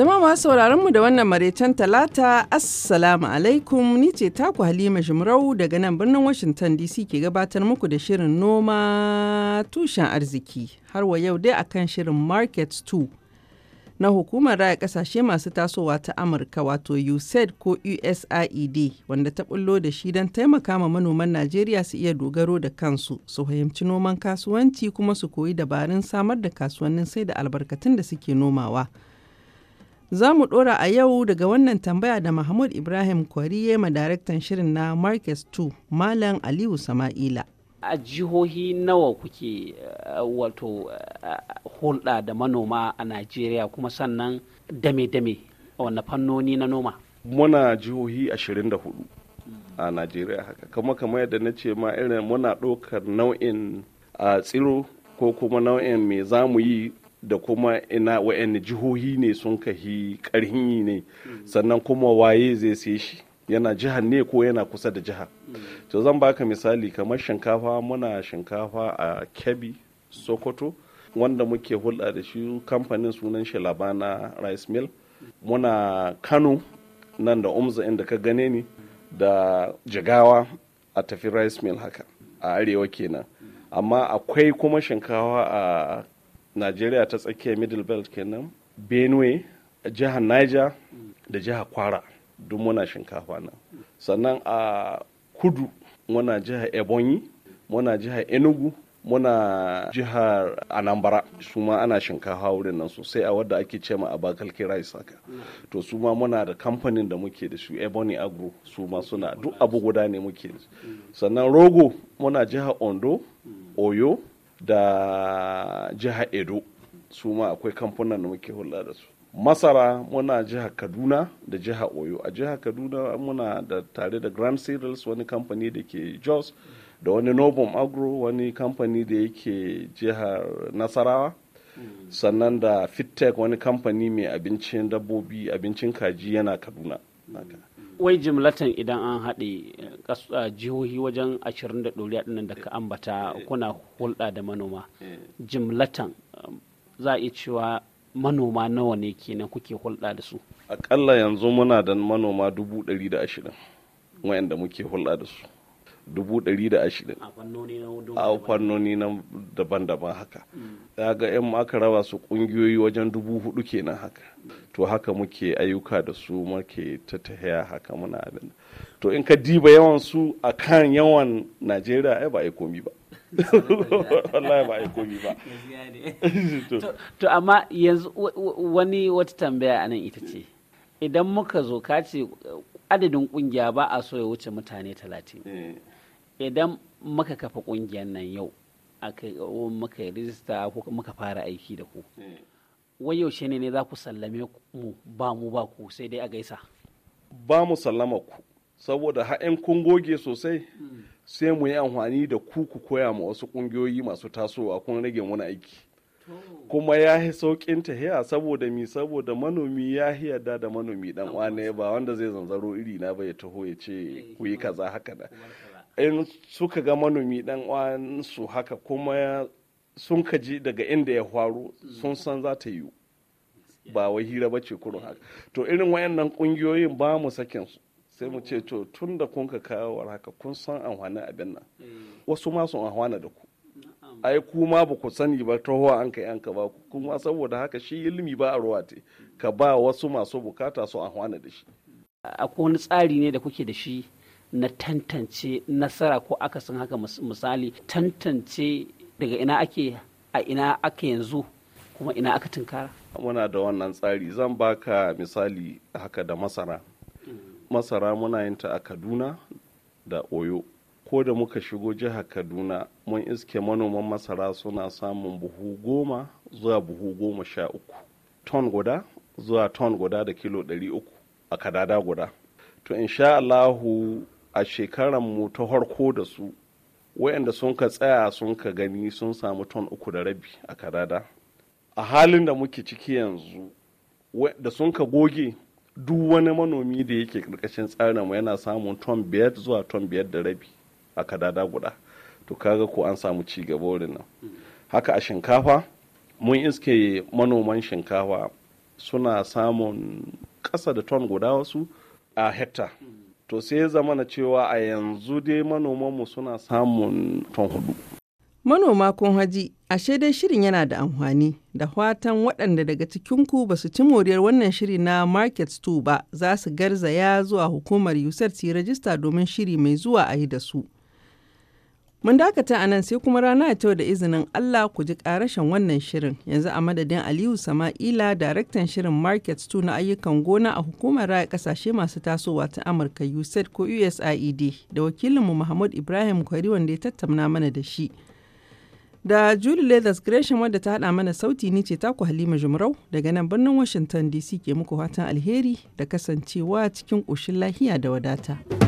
Jama'a masu sauraron mu da wannan maraicen talata Assalamu alaikum ni ce taku Halima Jumrau daga nan birnin Washington DC ke gabatar muku da shirin noma tushen arziki har wa yau dai akan shirin Market 2 na hukumar raya kasashe masu tasowa ta Amurka wato USAID ko USAID wanda ta bullo da shi don taimaka ma manoman Najeriya su iya dogaro da kansu su fahimci noman kasuwanci kuma su koyi dabarun samar da kasuwannin sai da albarkatun da suke nomawa. Za mu ɗora a yau daga wannan tambaya da Mahmud Ibrahim Kwariye ma daraktan shirin na Marcus 2, Malam Aliyu Sama'ila. A jihohi nawa kuke eh, wato eh, hulɗa da manoma a Najeriya kuma sannan dame-dame wanne fannoni na noma? Muna jihohi 24 a Najeriya haka. Kama kama yadda na ce ma irin muna ɗaukar nau'in a eh, tsiro ko kuma nau'in me za mu yi da kuma ina wa'yan jihohi ne sun kahi karhin ne sannan kuma waye zai sai shi yana jiha ne ko yana kusa da jiha to zan baka misali kamar shinkafa muna shinkafa a kebbi sokoto wanda muke hulɗa da shi kamfanin sunan shi labana rice mill muna kano nan da umza inda ka gane ni da jigawa a tafi rice mill haka a arewa kenan amma akwai kuma shinkafa a najeriya ta tsakiyar middle belt kenan benue jihar niger da jihar kwara duk muna shinkafa nan sannan a kudu muna jihar ebonyi muna jihar enugu muna jihar anambra su ma ana shinkafa wurin nan sosai a wadda ake cema a bakalki rice haka to su ma muna da kamfanin da muke da su ebony agro su ma suna duk abu guda ne muke sannan rogo muna jihar ondo oyo da jiha edo su ma akwai kamfunan da muke hulɗa da su masara muna jihar kaduna da jihar oyo a jihar kaduna muna da tare da grand cereals wani kamfani da ke jos da wani nobom agro wani kamfani da yake jihar nasarawa sannan da fittech wani kamfani mai abincin dabbobi abincin kaji yana kaduna wai jimlatan idan an haɗe eh, eh, jihohi wajen 20 da ɗoriya ɗinan da ka ambata kuna hulɗa da manoma eh, jimlatan um, za a cewa manoma nawa ne kenan kuke hulɗa da su aƙalla yanzu muna da manoma dubu ɗari da ashirin wayanda muke hulɗa da su dubu ɗari da ashirin a fannoni na daban-daban haka ya mm. ga yan aka raba su ƙungiyoyi wajen dubu hudu kenan haka mm. to haka muke ayyuka da su muke ta tahiya haka muna abin to in ka diba yawan su a kan yawan najeriya ai ba komi ba wallahi ba komi ba to amma yanzu wani wata tambaya anan ita ce idan muka zo ka ce adadin kungiya ba a so ya wuce mutane talatin eh. idan muka kafa ƙungiyar nan yau aka muka rijista ko muka fara aiki da ku eh. wai yaushe ne ne za ku sallame mu ba mu ba ku sai dai a gaisa ba mu sallama ku saboda ha'in kun goge sosai hmm. sai mu yi amfani da ku ku koya ma wasu ƙungiyoyi masu tasowa kun rage wani aiki kuma ya yi sauƙin hiya saboda mi saboda manomi ya yi yarda da manomi dan wane ba wanda zai zanzaro iri na bai taho ya ce eh, ku yi kaza haka da in suka ga manomi dan su haka kuma sun kaji daga inda ya faru sun san za ta yiwu ba wai hira ba ce kurun haka to irin wayannan kungiyoyin ba mu sakin su sai mu ce to tun da kun ka kawo haka kun san amfanin abin nan mm. wasu ma sun da ku ai ku ma ba ku sani ba ta an ka yanka ba ku kuma saboda haka shi ilimi ba a ruwa te ka ba wasu masu bukata su amfana da shi akwai wani tsari ne da kuke da shi na tantance nasara ko aka san haka misali tantance daga ina ake a ina aka yanzu kuma ina aka tunkara muna da wannan tsari zan baka misali haka da masara masara muna yin ta a kaduna da oyo ko da muka shigo jihar kaduna mun iske manoman masara suna samun buhu goma zuwa buhu goma sha uku ton guda zuwa ton guda da kilo ɗari a kadada guda to insha allahu a shekaran mu ta harko da su wayanda sun ka tsaya sun ka gani sun samu ton uku da rabi a kadada a halin da muke ciki yanzu da sun ka goge duk wani manomi da yake karkashin tsarin mu yana samun ton biyar zuwa ton biyar da rabi a kadada guda to kaga ko an samu ci gaba wurin nan haka a shinkafa mun iske manoman shinkafa suna samun ƙasa da ton guda wasu a hekta to sai zama na cewa a yanzu dai manomanmu suna samun ton hudu. Manoma kun haji, ashe dai shirin yana da amfani, da fatan waɗanda daga cikinku ba su ci moriyar wannan shiri na Market Stew ba za su garzaya zuwa hukumar USAID su rajista domin shiri mai zuwa a yi da su. Mun dakata a nan sai kuma rana ta da izinin Allah ku ji karashin wannan shirin yanzu a madadin Aliyu Sama'ila daraktan shirin Market 2 na ayyukan gona a hukumar raya kasashe masu tasowa ta Amurka USAID ko USAID e da wakilinmu Muhammad Ibrahim Kwari wanda ya tattauna mana da shi. Da Julie Leathers Gresham wadda ta haɗa mana sauti ni ce taku Halima Jumrau daga nan birnin Washington DC ke muku fatan alheri da kasancewa cikin ƙoshin lahiya da wadata.